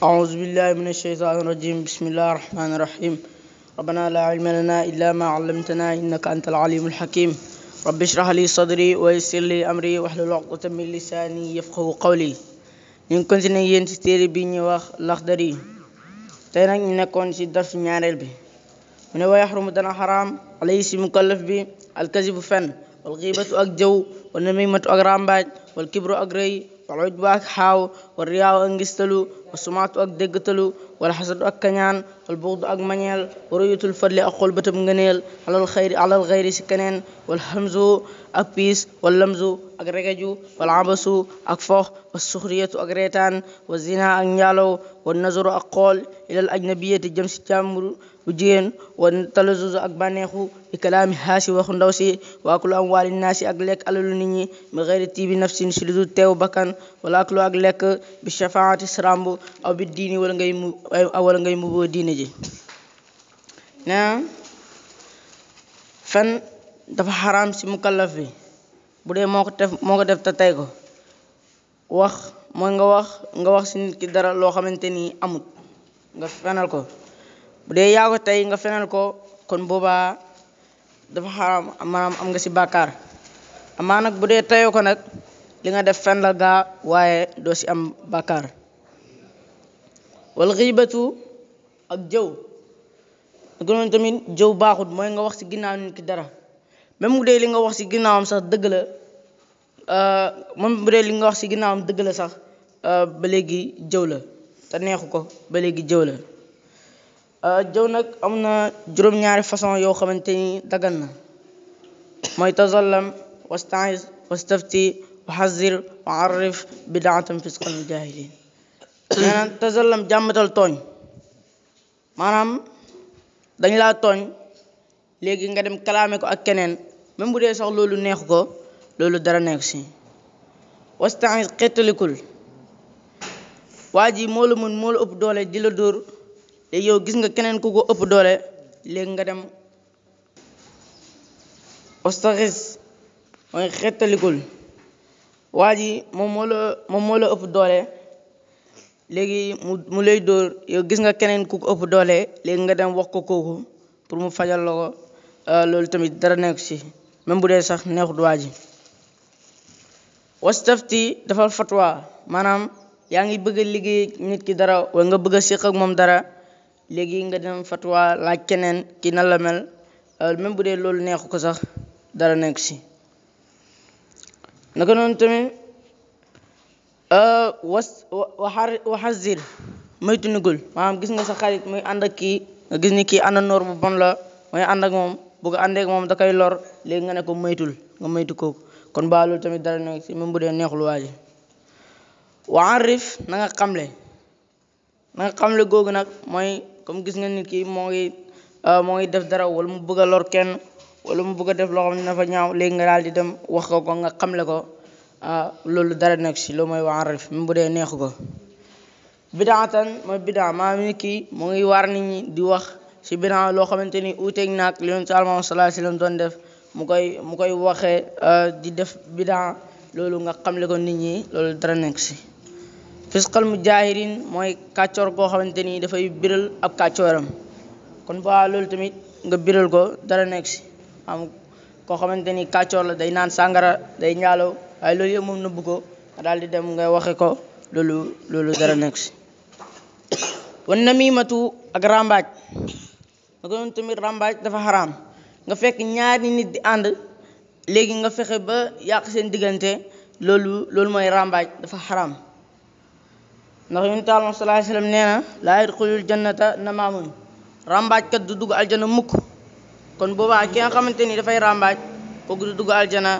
أعوذ بالله من الشيطان الرجيم بسم الله الرحمن الرحيم ربنا لا علم لنا إلا ما علمتنا إنك أنت العليم الحكيم رب اشرح لي صدري ويسر لي أمري واحلل عقدة من لساني يفقه قولي ñu ngi continuer yéen ci téere bi ñuy wax Laxdari tey nag ñu nekkoon ci darsu ñaareel bi mu ne wa yaxrumu dana xaraam alayhi si mukallaf bi alkazibu fen wal xiibatu ak jëw wal namimatu ak rambaaj wal kibru ak rëy wal ujbu ak xaaw wal riyaaw ak ngistalu wasumaatu ak déggtalu wala xasadu ak kañaan wal buxdu ak mañeel waroyatul fadli ak xol bëtam ngëneel alal xayri alal xayri si keneen wal hamzu ak piis wal lamzu ak regeju wal abasu ak fox wa suxriyatu ak reetaan wa zina ak njaalow wa nazaru ak xool ilal ajnabiyati jëm si càmbur bu jigéen wa talazuzu ak bànneexu bi kalaami haasi waxu ndaw si waakulu am waali naasi ak lekk alalu nit ñi bi xayri tiibi nafsin si lu dul teew bakkan wala aklu ak lekk bi shafaati srambu aw bi diini wala ngay mu wala ngay muboo diine ji na fen dafa xaraam si mukallaf bi bu dee moo ko def moo ko def te tey ko wax mooy nga wax nga wax si nit ki dara loo xamante ni amut nga fenal ko bu dee yaa tey nga fenal ko kon boobaa dafa xaraam am nga si bàkkaar amaa nag bu dee teyoo ko nag li nga def fen la gaa waaye doo si am bàkkaar wal xiibatu ak jëw ak noonu tamit jëw baaxut mooy nga wax si ginnaaw nit ki dara même bu dee li nga wax si ginnaawam sax dëgg la euh, même li nga wax si ginnaawam dëgg la sax euh, ba léegi jëw la te neexu ko ba léegi jëw la euh, jëw nag am na juróom-ñaari façon yoo xamante ni dagan na mooy tazallam wastaiz wastafti waxazir wa arif bidaatan fisqan jaahilin nee na tasallam jàmbatal tooñ maanaam dañ laa tooñ léegi nga dem kalaame ko ak keneen même bu dee sax loolu neexu ko loolu dara neexu si wastain xettalikul waa ji moo la mun moo la ëpp doole di la dóor léegi yow gis nga keneen ku ko ëpp doole léegi nga dem wastaxis mooy xettalikul waa ji moom moo la moom moo la ëpp doole léegi mu mu lay dóor yow gis nga keneen ku ëpp doole léegi nga dem wax ko kooku pour mu fajal la ko euh, loolu tamit dara nekku ci même bu dee sax neexut waa ji wastafti dafal fatwa maanaam yaa ngi bëgg a liggéey nit ki dara wala nga bëgg a séq ak moom dara léegi nga dem fatwa laaj keneen ki na la mel euh, même bu dee loolu neexu ko sax dara nekk ci naka noonu tamit Euh, was waxazir moytu nugul maanaam gis nga sa xarit muy ànd ak kii gis ni kii àndandoor bu bon la mooy ànd moom bu ko moom da koy lor léegi nga ne ko moytul nga moytu kooku kon ba tamit dara ne si bu dee neexul waa xamle na xamle googu nag mooy comme gis nga nit kii moo ngi euh, moo ngi def dara wala mu bëgg a lor kenn wala mu bugg a def loo xam ne dafa ñaaw léegi nga daal di dem wax ko ko nga xamle ko ah loolu dara nekk ci loo mooy waan ref même bu dee neexu ko bidaatan mooy bidaa maanaam nit ki mu ngi waar nit ñi di wax si bidaa loo xamante ni uuteeg naag li yonent almam salaa sallam doon def mu koy mu koy waxee ah, di def bidaa loolu nga xamle ko nit ñi loolu dara nekk si fisqal mujaahirin mooy kàccoor koo xamante ni dafay biral ab kàccooram kon baa loolu tamit nga biral ko dara nekk si am koo xamante ni kàccoor la day naan sàngara day njaalo waaye loolu yëpp moom nëbbu ko nga daal di dem ngay waxe ko loolu loolu dara nekk si wan namimatu ak rambaaj naka noonu tamit rambaaj dafa xaram nga fekk ñaari nit di ànd léegi nga fexe ba yàq seen diggante loolu mooy rambaaj dafa xaraam ndax yonent Yàlla sallallaahu alayhi wa sallam nee na laa yadxulul jannata namaamun rambaajkat du dugg aljana mukk kon boobaa ki nga xamante ni dafay rambaaj kooku du dugg aljana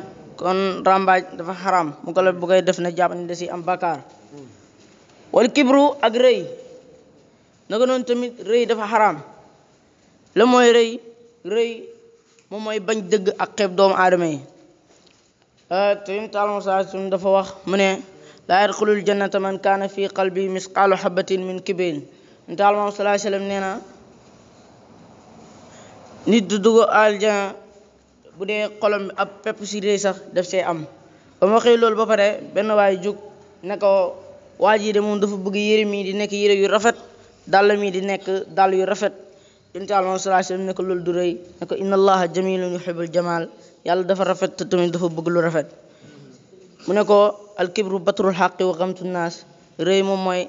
kon rambaaj dafa xaraam mu ko la bu def na jàpp da si am bakkaar wal kibru ak rëy naka tamit rëy dafa xaraam la mooy rëy rëy moom mooy bañ dëgg ak xeeb doomu aadama yi euh, te yim taal saa dafa wax mu ne laa yadxulul jannata man nit du dugg aljana bu dee xolom ab pepp si réy sax daf see am ba ma waxee loolu ba pare benn waay jóg ne ko waa ji de moom dafa bëgg yére mi di nekk yére yu rafet dàll mii di nekk dàll yu rafet yonent Yàlla moom sallallahu alayhi wasallam ne ko loolu du rëy ne ko inna allaha jamilun yàlla dafa rafet te tamit dafa bëgg lu rafet mu ne ko alkibru batrul xaqi wa xamtu naas rëy moom mooy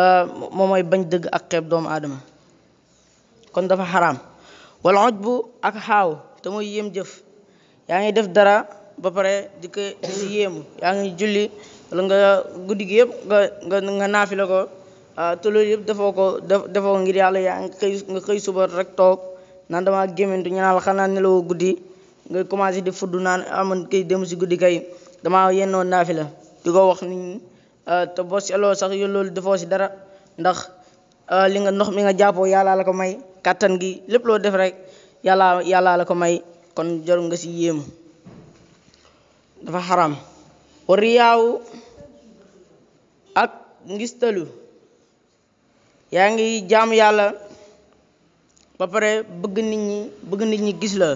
euh, moom mooy bañ dëgg ak xeeb doomu aadama kon dafa xaraam wala oj bu ak xaaw te mooy yéem jëf yaa ngi def dara ba pare di ko di yaa ngi julli wala nga guddi gi yëpp nga nga nga naafila ko ah, te loolu yëpp defoo ko defoo ngir yàlla yaa ngi xëy nga xëy suba rek toog naan dama gémmantu ñu naan la xanaa nelawoo guddi nga commencé di fudd naan amoon ah, kay dem si guddi kay damaa yennoo la di ko wax nit ñi ah, te boo si sax yow loolu defoo si dara ndax li nga ndox mi nga jàppoo yàlla la ko may kàttan gi lépp loo def rek yàlla yàlla la ko may kon jarul nga ci yéem dafa xaram war yaawu ak ngistalu yaa ngi jaamu yàlla ba pare bëgg nit ñi bëgg nit ñi gis la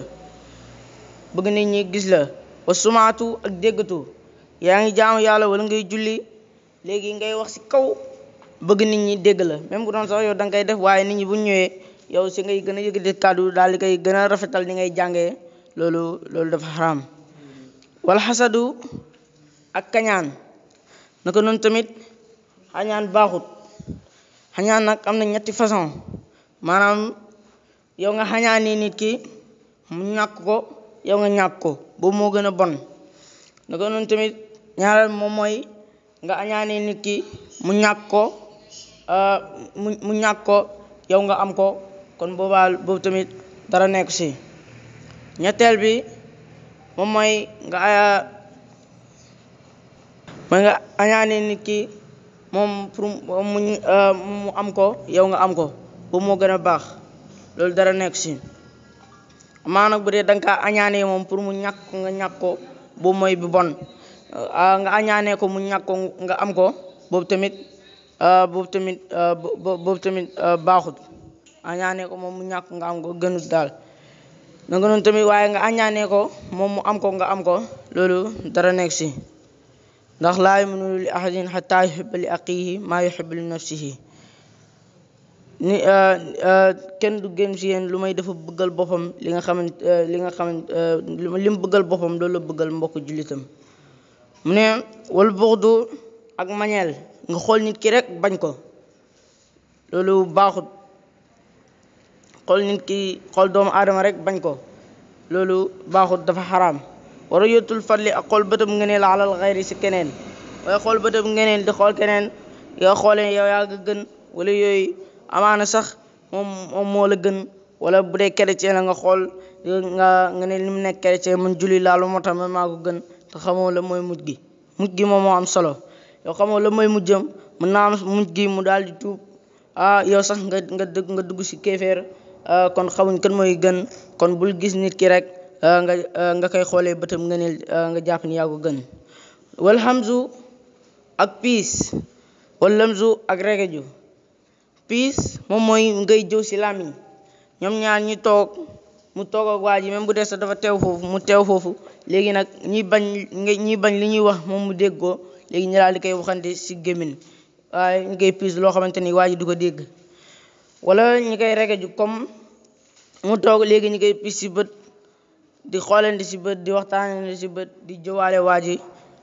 bëgg nit ñi gis la wa sumaatu ak déggatu yaa ngi jaamu yàlla wala ngay julli léegi ngay wax si kaw bëgg nit ñi dégg la même bu doon sax yow danga koy def waaye nit ñi bu ñëwee yow si ngay gën a yëgati kàddu daal di koy gën a rafetal ni ngay jànge loolu loolu dafa xaraam wal xasadu ak kañaan naka noonu tamit xañaan baaxut xañaan nag am na ñetti façon maanaam yow nga xañaanee nit ki mu ñàkk ko yow nga ñàkk ko boobu moo gën a bon naka noonu tamit ñaareel moom mooy nga añaanee nit ki mu ñàkk ko euh, mu ñàkk ko yow nga am ko kon boobaa boobu tamit dara nekk si ñetteel bi moom mooy nga mooy nga añaane nit ki moom pour mu euh, am ko yow nga am ko bu moo gën a baax loolu dara nekk si maanaam nag bu dee danga kaa añaane moom pour mu ñàkk nga ñàkk ko boobu mooy bi euh, ko mu ñàkk nga am ko boobu tamit euh, boobu tamit boobu tamit baaxut añaanee ko moom mu ñàkk nga am ko gënut daal nanga noonu tamit waaye nga añaanee ko moom mu am ko nga am ko loolu dara nekk si ndax laa yuminu li ahadin xata yuxiba li aqihi maa yuxibu li nafsihi ni eh, eh, kenn du gëm si yéen lu may dafa bëggal boppam li nga xaman eh, li nga xaman li mu bëggal boppam loolu la bëggal mbokk jullitam mu ne wal buxdu ak mañeel nga xool nit ki rek bañ ko loolu baaxut xool nit ki xool doomu aadama rek bañ ko loolu baaxut dafa xaraam war a yottul fadli ak xool bëtëb ngeneel alal xayri si keneen waaye xool bëtëb ngeneel di xool keneen yow xoolee yow yaa gën wala yooyu amaana sax moom moom moo la gën wala bu dee chrétien la nga xool nga nga ne li mu nekk chrétien man julli laalu moo tax man maa ko gën te xamoo la mooy mujj gi mujj gi moom moo am solo yow xamoo la mooy mujjam mën naa am mujj gi mu daal di tuub ah yow sax nga nga dugg nga dugg si kéefeer Euh, kon xamuñ kan mooy gën kon bul gis nit ki rek euh, nga euh, nga koy xoolee bëtam nga ne nga jàpp ni yaa gën wal hamzu ak piis wal lamzu ak regeju piis moom mooy ngay jëw si làmmiñ ñoom ñaar ñi toog mu toog ak waa ji même bu dee sax dafa teew foofu mu teew foofu léegi nag ñi bañ ñi bañ li ñuy wax moom mu dégg ko léegi ñu daal di koy waxante si gémmin waaye ñu koy piis loo xamante ni waaj du ko dégg wala ñi koy regeju comme mu toog léegi ñu koy pis si bët di xoolante si bët di waxtaanante si bët di jëwaale waa ji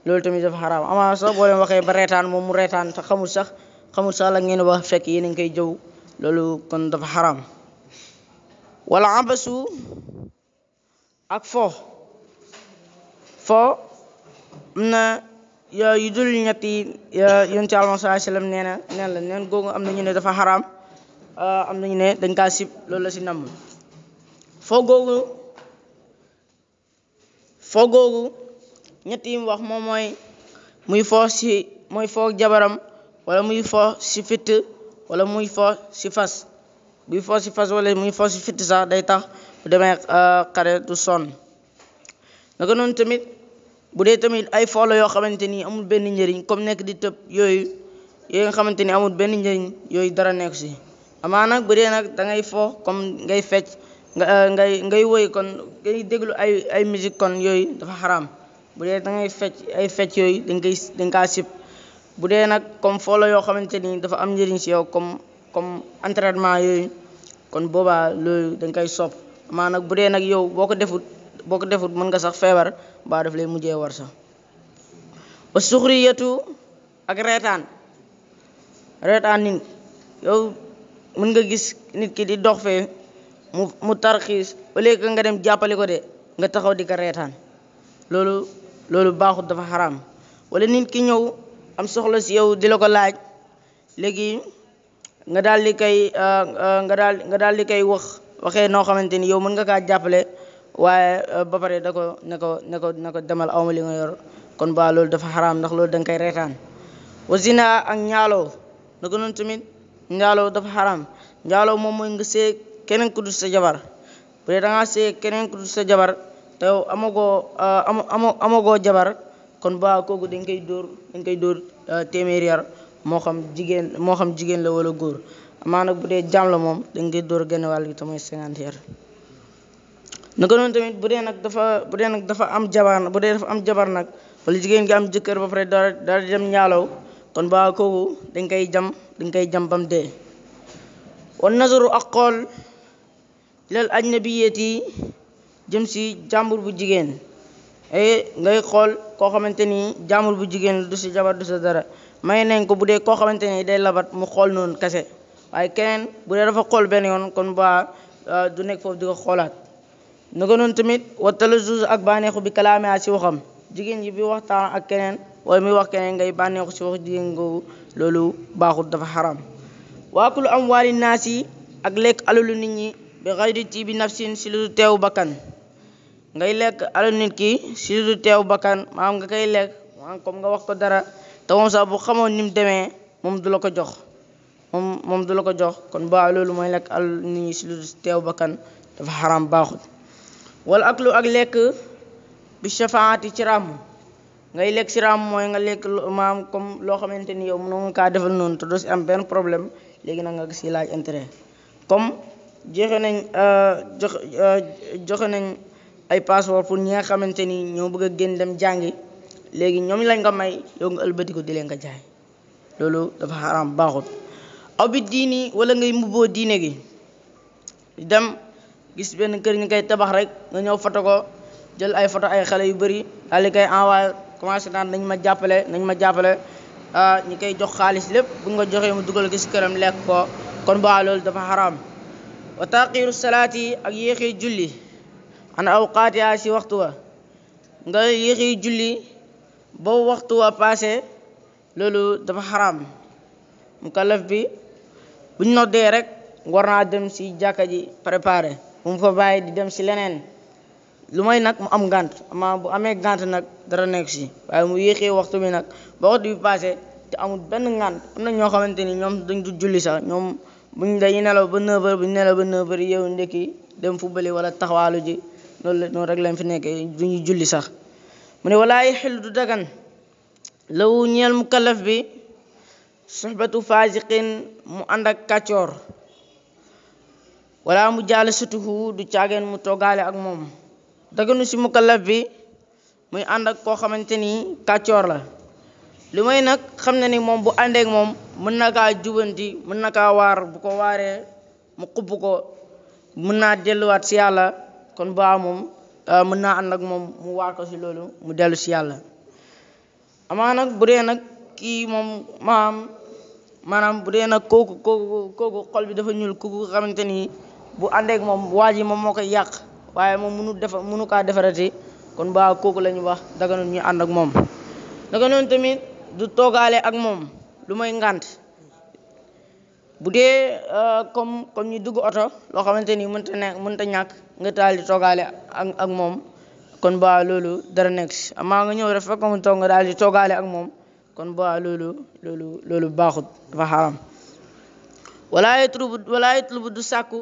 loolu tamit dafa xaraam ama sax waxee ba reetaan moom mu reetaan te xamul sax xamul sax la ngeen wax fekk yéen a ngi koy jëw loolu kon dafa xaraam wala abasu ak fo fo am na yu dul ñett yi yonent Yàlla Muhammad sallallahu nee na neen la neen googu am na ñu ne dafa xaraam ah, am na ne dañ kaa sib loolu la si namm foo googu foo googu ñett yi mu wax moom mooy muy foo si mooy foo jabaram wala muy foo si fitt wala muy foo si fas buy foo si fas wala muy foo si fitt sax day tax bu demee euh, xare du sonn naka noonu tamit bu dee tamit ay foola yoo xamante ni amul benn njëriñ comme nekk di tëb yooyu yooyu nga xamante ni amul benn njëriñ yooyu dara nekk si amaa bu dee nag da ngay foo comme ngay fecc nga eh, ngay ngay woy kon ngay déglu ay ay musique kon yooyu dafa xaraam bu dee da ngay fecc ay fecc yooyu dañ koy dañ kaa sib bu dee nag comme foo yoo xamante ni dafa am njëriñ si yow comme comme yooyu kon boobaa loolu dañ koy sopp maa nag bu dee nag yow boo ko defut boo ko defut mën nga sax feebar baa daf lay mujjee war sax wa suxriyatu ak reetaan reetaan nit yow mën nga gis nit ki di dox fee mu mu tarxiis au lieu que nga dem jàppale ko de nga taxaw di ko reetaan loolu loolu baaxut dafa xaram wala nit ki ñëw am soxla si yow di la ko laaj léegi nga daal di koy euh, euh, nga daal nga daal di koy wax waxe noo xamante ni yow mën nga kaa jàppale waaye euh, ba pare da ko ne ko ne ko ne ko demal awma li nga yor kon ba loolu dafa xaram ndax loolu danga nga koy reetaan wa ak njaaloo na ko noonu tamit njaaloo dafa xaraam njaaloo moom mooy nga seeg keneen ku dul sa jabar bu dee da see keneen ku dul sa jabar te amagoo ah, ama amagoo jabar kon ba kooku dañ koy dóor dañ koy dóor ah, téeméeri yar moo xam jigéen moo xam jigéen la wala góor amaa nag bu dee moom dañ koy dóor genn wàll gi te mooy cinquante yar tamit bu dee nag dafa bu dee nag dafa am jabar bu dee dafa am jabar nag wala jigéen gi am jëkkër ba pare daal daal di dem ñaalaw kon ba kooku dañ jam dañ koy jam bam dee wan nazaru ak xool ilal ajnabiyati jëm si jàmbur bu jigéen ay ngay xool koo xamante ni jàmbur bu jigéen du si jabar du sa dara may nañ ko bu dee koo xamante ni day labat mu xool noonu kese waaye keneen bu dee dafa xool benn yoon kon baa euh, du nekk foofu di ko xoolaat na ko noonu tamit wa talazuz ak bànneexu bi kalaamea si waxam jigéen ji bi waxtaan ak keneen waaye muy wax keneen ngay bànneexu si wax jigéen googu loolu baaxul dafa xaram waakulu am waali naas yi ak bi xayri ci bi nafsin si lu teewu bakkan ngay lekk alal nit ki si lu teew bakkan maanaam nga koy lekk maanaam comme nga wax ko dara te bu xamoon ni mu demee moom du la ko jox moom moom du la ko jox kon baa mooy lekk alal nit ñi si lu teew bakkan dafa xaram baaxut wala aklu ak lekk bi shafaati ci ràmm ngay lekk si ràmm mooy nga lekk maam comme loo xamante ni yow mënoo nga kaa defal noonu te doo si am benn problème léegi nag nga si laaj intérêt comme joxe nañ euh, joxe euh, joxe nañ ay passeport pour ñi nga xamante ni ñoo bëgg a génn dem jàngi léegi ñoom lañ nga may yow nga ëlbatiku di leen nga jaay loolu dafa xaraam baaxut aw bi diini wala ngay mbubboo diine gi dem gis benn kër ñu koy tabax rek nga ñëw foto ko jël ay foto ay xale yu bëri daal di koy envoyé commencé naan nañ ma jàppale nañ ma jàppale ah, ñi koy jox xaalis lépp bu nga joxee mu dugal gis këram lekk ko kon baa loolu dafa xaraam wa taqiru yi ak yéexe julli an awqaatiha si waxtu wa nga yéexi julli ba waxtu wa passé loolu dafa xaraam kalaf bi buñ noddee rek war naa dem si jàkka ji préparé bu mu fa bàyyi di dem ci leneen lu may nag mu am ngànt ama bu amee gànt nag dara nekk ci waaye mu yéexee waxtu bi nag ba waxtu bi passé te amul benn ngànt am na ñoo xamante ni ñoom dañ du julli sax ñoom buñ dañuy nelaw ba 9h nelaw ba 9h yeewu ndekki dem wala taxawaalu ji loolu la noonu rek lañ fi nekkee duñu julli sax mu ne walaay xel du dagan lawu ñeel mukallaf bi soxbatu fasiqin mu ànd ak kàccoor wala mu jaale sutuhu du caageen mu toggaale ak moom daganu si mukallaf bi muy ànd ak koo xamante ni kàccoor la li may nag xam na ni moom bu àndeek moom mën na kaa jubanti mën na kaa waar bu ko waaree mu xubb ko mën naa delluwaat si yàlla kon baa moom ah, mën naa ànd ak moom mu waar ko si loolu mu dellu si yàlla amaa nag bu dee nag kii moom maam maanaam bu dee nag kooku kooku kooku bi dafa ñuul kooku xamante ni bu àndeek moom waa ji moom moo koy yàq waaye moom munu defa munu kaa defarati kon baa kooku la ñu wax daga noonu ñu ànd ak moom daga noonu tamit du toogaale ak moom lu may ngànt bu dee euh, comme comme ñu dugg oto loo xamante ni mënta nekk mënta ñàkk nga taal di toogaale ak ak moom kon ba loolu dara nekk si amaa nga ñëw rek fekk mu toog nga daal di toogaale ak moom kon ba loolu loolu loolu baaxut dafa xaram walaa yatlubu walaa yatlubu du sàkku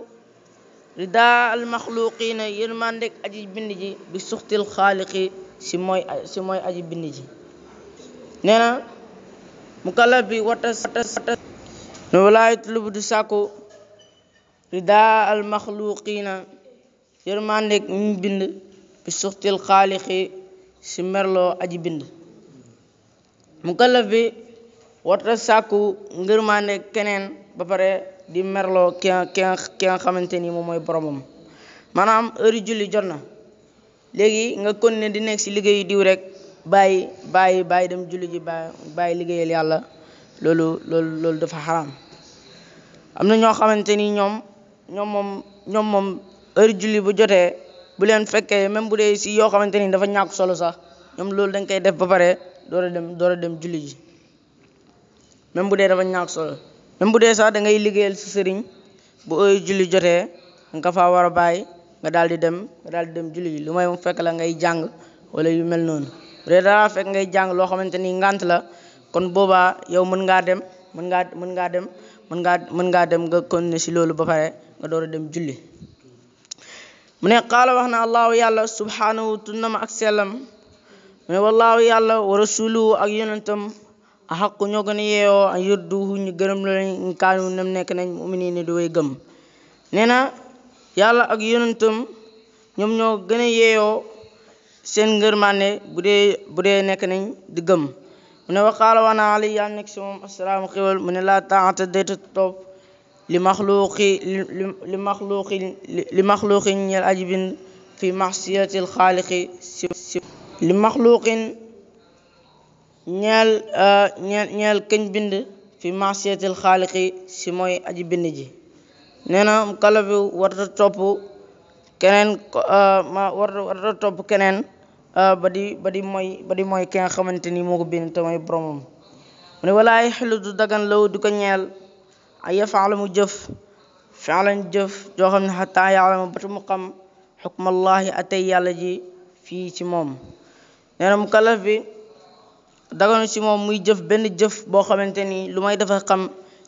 rida al maxluqina yërmandeg aji bind ji bi suxtil xaaliqi si mooy si mooy aji bind ji nee na mukallaf bi wata ne walaa yutlubu du sàkku ridaa al bind bi suxtil bi wata sàkku ngërmandeeg keneen ba pare di merloo ki ki ki xamante ni moom mooy boroomam manaam heure julli jot na léegi nga kon ne di nekk si liggéeyu diw rekk bàyyi bàyyi bàyyi dem julli ji bàyyi bàyyi liggéeyal yàlla loolu loolu loolu dafa xaram am na ñoo xamante ni ñoom ñoom moom ñoom moom heure julli bu jotee bu leen fekkee même bu dee si yoo xamante ni dafa ñàkk solo sax ñoom loolu dañ koy def ba pare door a dem door a dem julli ji même bu dee dafa ñàkk solo même bu dee sax da ngay liggéeyal si sëriñ bu heure julli jotee nga fa war a bàyyi nga daal di dem nga daal di dem julli ji lu may mu fekk la ngay jàng wala yu mel noonu bu dee dara fekk ngay jàng loo xamante ni ngànt la kon booba yow mën ngaa dem mën ngaa mën ngaa dem mën ngaa mën ngaa dem nga continuer si loolu ba pare nga door a dem julli mu ne qaala wax na allaahu yàlla subhaanahu tunnam ak sellam mu ne wallaahu yàlla wa rasuluhu ak yonentam a xaqu ñoo gën a yeeyoo a yurduhu ñu gërëm la lañ kaanu nam nekk nañ muminin ni di way gëm nee na yàlla ak yonentam ñoom ñoo gën a yeeyoo seen ngërmande bu bu dee nekk nañ di gëm mu ne waqaala wax naa ali yàlla nekk si moom assalaamu xéwal mu ne laa taata dayta topp li maxluuqi li maxluuqi ñeel bind fi maxsiyati ñeel euh, këñ bind fi maxsiyatil xaaliqi si mooy aji bind ji nee na warta topp keneen euh, warta topp keneen Euh, ba di ba di mooy ba mooy ki xamante ni moo ko bind te mooy boromam mu ne walaa yaxilu du dagan law du ko ñeel ay yafaala jëf fialan jëf joo xam ne xataa yaalama bata mu xam xukmallaahi atey yàlla ji fii ci moom nee na mukallaf bi daganu ci moom muy jëf benn jëf boo xamante ni lu may dafa xam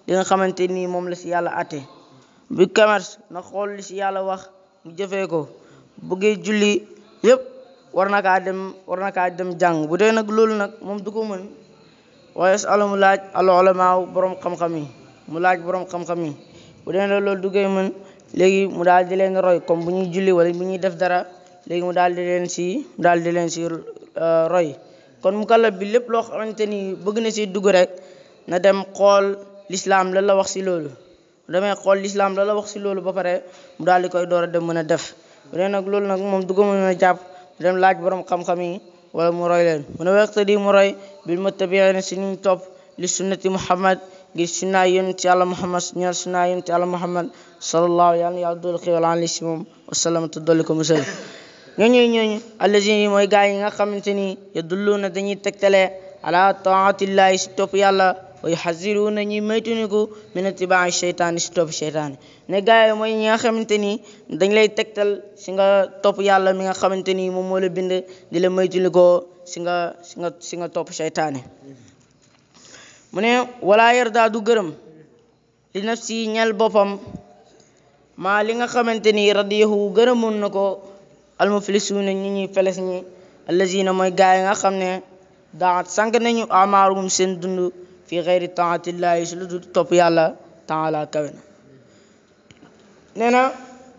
li nga xamante nii moom la ci yàlla ate bu commerce na xool li ci yàlla wax mu jëfee ko bëggee julli yépp war na kaa dem war na kaa dem jàng bu dee nag loolu nag moom du ko mën waaye yas'alu mu laaj al ulamaa borom xam-xam yi mu laaj borom xam-xam yi bu dee nag loolu du mën léegi mu daal di leen roy comme bu ñuy julli wala bu ñuy def dara léegi mu daal di leen si daal di leen si euh, roy kon mukallaf bi lépp loo xamante ni bëgg na si dugg rek na dem xool lislaam la la wax si loolu mu demee xool lislaam la la wax si loolu ba pare mu daal di koy door a dem mën a def bu dee nag loolu nag moom du ko mën a jàpp di dem laaj borom xam-xam yi wala mu roy leen mu ne waqtadi mu roy bil muttabiina si ñu topp li sunnati muhammad ngir sunnaa yonent yàlla muhammad ñaar sunnaa yonent yàlla muhammad sallallahu yàlla na yàlla dolli xéwal an li si moom wasalam te dolli ko musal ñooñu ñooñu allazina yi mooy gaa yi nga xamante ni yadulluuna dañuy tegtalee ala taatillahi si topp yàlla wa yuxaziruuna ñuy moytuniku min itibaa cheytaani si topp cheytaani ne gars yi mooy ñi nga xamante ni dañ lay tegtal si nga topp yàlla mi nga xamante ni moom moo la bind di la moytunikoo si nga si nga si nga topp cheytaani mu ne walaa yardaa du gërëm li nafsi ñel boppam maa li nga xamante ni radiyahu gërëmoon na ko almuflisuuna ñi feles ñi allazina mooy gars yi nga xam ne daat sànq nañu amaarum seen dund fii xeyri taatillahi si lu dul topp yàlla taala kawe na nee na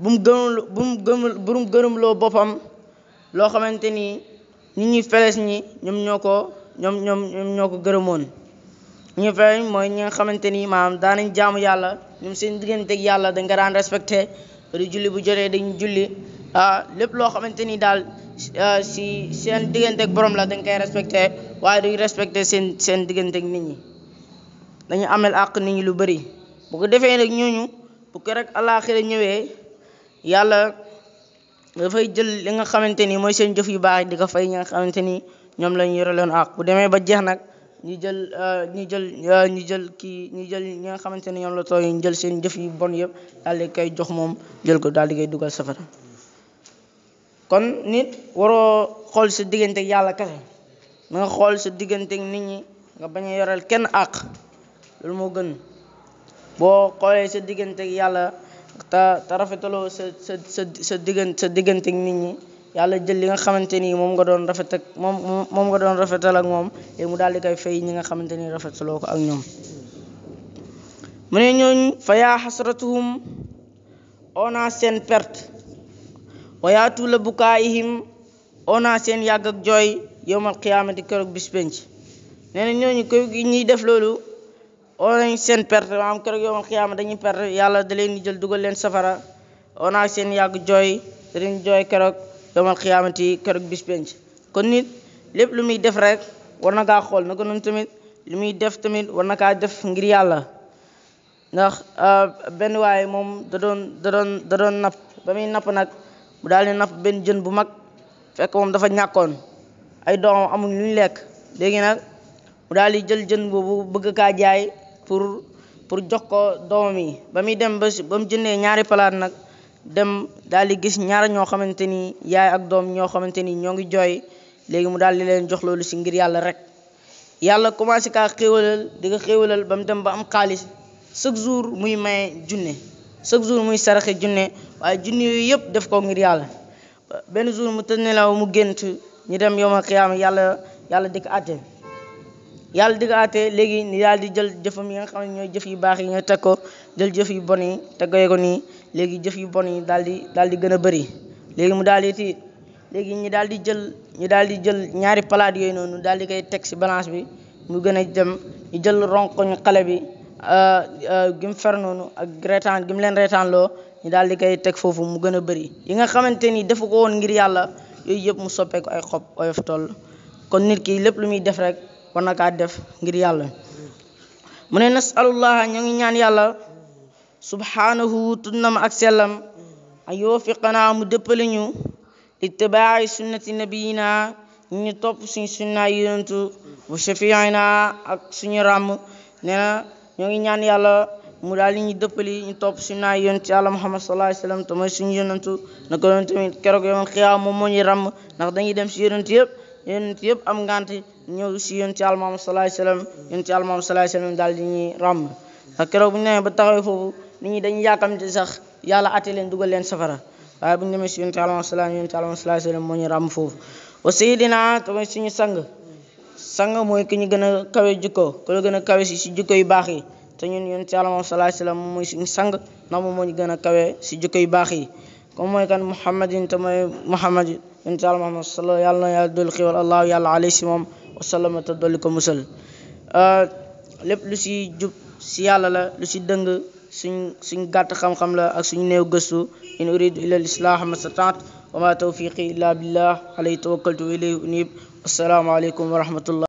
bu mu gënul bu mu gëmul bu mu gërëmloo boppam loo xamante ni ñi ñuy feles ñi ñoom ñoo ko ñoom ñoom ñoom ñoo ko gërëmoon ñi ñuy feles mooy ñi nga xamante ni maanaam daanañ jaamu yàlla ñoom seen digganteeg yàlla da nga daan respecté di julli bu jotee dañu julli ah, lépp loo xamante ni daal ah, si seen digganteeg borom la da nga koy respecté waaye duñ respecté seen seen digganteeg nit ñi dañu amel àq nit ñi lu bari bu ko defee nag ñooñu bu ko rek alaaxira ñëwee yàlla dafay jël li nga xamante ni mooy seen jëf yu baax di ko fay ñi nga xamante ni ñoom la ñu yoreloon àq bu demee ba jeex nag ñu jël euh, ñu jël euh, ñu jël kii ñu jël ñi nga xamante ni ñoom la tooy ñu jël seen jëf yu bon yëpp daal di koy jox moom jël ko daal di koy dugal safara kon nit waroo xool sa diggante yàlla kese na nga xool sa diggante ak nit ñi nga bañ yoreel kenn àq loolu moo gën boo xoolee sa diggante ak yàlla te te rafetaloo sa sa sa sa diggante sa ak nit ñi yàlla jël li nga xamante ni moom nga doon rafet ak moom moom nga doon rafetal ak moom mu daal di koy fay ñi nga xamante ni rafetaloo ko ak ñoom mu ne ñooñ fa yaa xasratuhum ona seen perte wa yaa tuula bukaayihim ona seen yàgg ak jooy yowmal qiyaamati keroog bis penc nee na ñooñu koy ñuy def loolu on ak seen perte maanaam keroog yowmal xiyaama dañuy perte yàlla da leen di jël dugal leen safara on ak seen yàgg jooy dañuy jooy keroog yowmal xiyaamati keroog bis kon nit lépp lu muy def rek war na kaa xool na ko noonu tamit lu muy def tamit war na kaa def ngir yàlla ndax ah, benn waaye moom da doon da doon napp ba muy napp nag mu daal di napp benn jën bu mag fekk moom dafa ñàkkoon ay doomam amuñ lu ñu lekk léegi nag mu daal di jël jën boobu bëgg kaa jaay pour pour jox ko doomam yi ba muy dem ba ba mu jëndee ñaari palaat nag dem daal di gis ñaar ñoo xamante ni yaay ak doom ñoo xamante ni ñoo ngi jooy léegi mu daal di leen jox loolu si ngir yàlla rek yàlla commencé kaa xéewalal di nga xéewalal ba mu dem ba am xaalis chaque jour muy maye junne chaque jour muy saraxe junne waaye junne yooyu yëpp def ko ngir yàlla benn jour mu tëdd nelaw mu gént ñu dem yow ma yàlla yàlla di ko àtte yàlla di ko léegi ni yàlla di jël jëfam yi nga xam ne ñooy jëf yu baax yi nga teg ko jël jëf yu bon yi te goye ko nii léegi jëf yu bon yi daal di daal di gën a bëri léegi mu daal di tiit léegi ñi daal di jël ñi daal di jël ñaari palaat yooyu noonu daal di koy teg si balance bi mu gën a jëm ñu jël ronkoñ xale bi euh, euh, gim fer noonu ak reetaan gim leen reetaan ñu daal di koy teg foofu mu gën a bëri yi nga xamante ni defu ko woon ngir yàlla yooyu yëpp mu soppeeku ay xob oyof toll kon nit ki lépp lu muy def rek war na kaa def ngir yàlla mu ne nasalullaha ñoo ngi ñaan yàlla subhanahu tuddnam ak sellam a yoofiqanaa mu dëppale ñu ittibaai sunnati nabiyina ñu topp suñ sunnaay yonentu bu ak suñu ràmm na ñoo ngi ñaan yàlla mu daal li ñu dëppali ñu topp sunnaay yonentu yàlla muhammad sallallahu alayhi wa sallam te mooy suñu yonentu naka noonu tamit keroog yow xiyaam moom moo ñuy ràmm ndax dañuy dem si yonentu yëpp yonentu yëpp am ngante ñëw si yonent ci Yàlla Muhammad sallallahu alayhi wasallam yonent ci Yàlla Muhammad sallallahu alayhi wasallam daal di ñuy ràmm ak keroog bu ñu demee ba taxawee foofu nit ñi dañu yàkkamte sax yàlla atte leen dugal leen safara waaye bu ñu demee si yonent ci Yàlla Muhammad sallallahu yonent ci Yàlla Muhammad sallallahu alayhi ñu sang sang mooy ki ñu gën a kawe jukkoo ku la gën a kawe si si jukko yu baax yi te ñun yonent ci Yàlla Muhammad sallallahu alayhi wasallam mooy suñu sang ndax moom moo ñu gën a kawe si jukko yu baax yi comme mooy kan Muhammadin te mooy Muhammad yonent ci Yàlla Muhammad sallallahu yàlla na yàlla dul xiwal allah moom wasallama te dolli ah, lu si jub si yàlla la lu si dëng suñ suñ gàtt xam-xam la ak suñ néew gëstu in uridu illa lislaaha mastata'at wa ma tawfiqi illa billah alayhi tawakkaltu wa ilayhi unib assalaamu aleykum wa rahmatullah